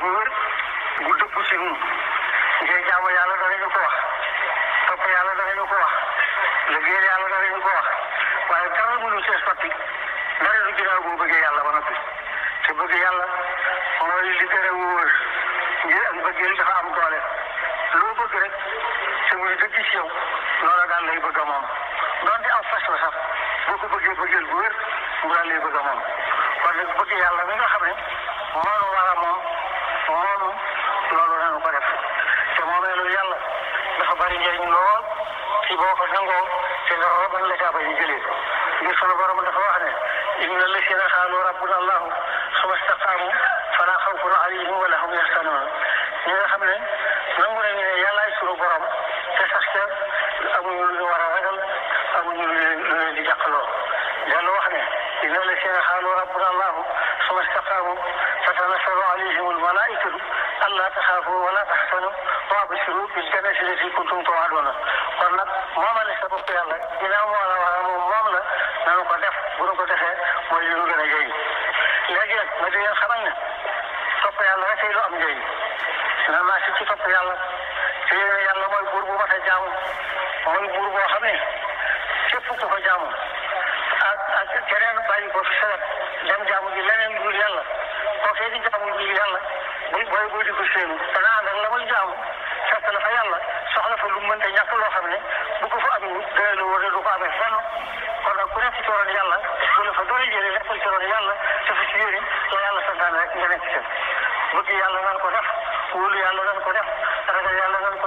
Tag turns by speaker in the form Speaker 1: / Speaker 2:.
Speaker 1: bu wër bu dëpp si ñun ngay jaamu yàlla danañu ko wax topp yàlla danañu ko wax liggéeyal yàlla danañu ko wax waaye dara mënu sees fàtti dara du ginnaaw boo bëggee yàlla ba noppi te bëgg yàlla mooy li gën a wóor ngir ak bëggeel dafa am doole loo bëgg rek te muy dëgg si yow loola daal lay bëgg a moom donte aw fas la sax boo ko bëggee bëggeel bu wér mu daal lay bëgg a moom kon nag bëgg yàlla mi nga xam ne moo la war a moom loolu yàlla dafa bari njëriñ lool ci boo ko nangoo te la roban la caa ba ñu jëlee ko ngir sunu borom dafa wax ne inna lasina xaalu rabbuna allahu suma staqaamu fala xawfun alayhim wala hum yaxsanuun ñi nga xam ne nangu nañu ne yàllaay sunu borom te sax ca amuñu lu ñu war a ragal amuñu lu leen di jàqloo yàlla wax ne inna lasina xaalu rabbuna allahu suma staqaamu fatanassalu alayhim almalaikatu allah taxaafu wala taxtanu wa basiru bil jannati lati kuntum tuwaaduna kon nag moomale sa bopp yàlla ginnaaw moo la wax moom moom la nanu ko def bu nu ko defee mooy li nu gën a jëriñ léegi nag ma di leen xamal ne topp yàlla rek lu am njëriñ na naa si ci topp yàlla te yàlla mooy buur bu mat a jaamu mooy buur boo xam ne képp ku ko jaamu ak ak keneen bàyyi ko fi sawet dem jaamu ji leneen dul yàlla koo fee di jaamu ji barkeelu da nga ànd ak la muy jaamu fekk na fa yàlla soxla fa lu mu mënta ñàkk loo xam ne bu ko fa amee dina la wóor ne du ko amee fenn kon nag ku nekk ci woon yàlla bu la fa doole jëlee nekkal ci woon yàlla te fa ci yéene la yàlla santaane rek nga nekk ci bëgg yàlla nan ko def wóolu yàlla nan ko def ragal yàlla nan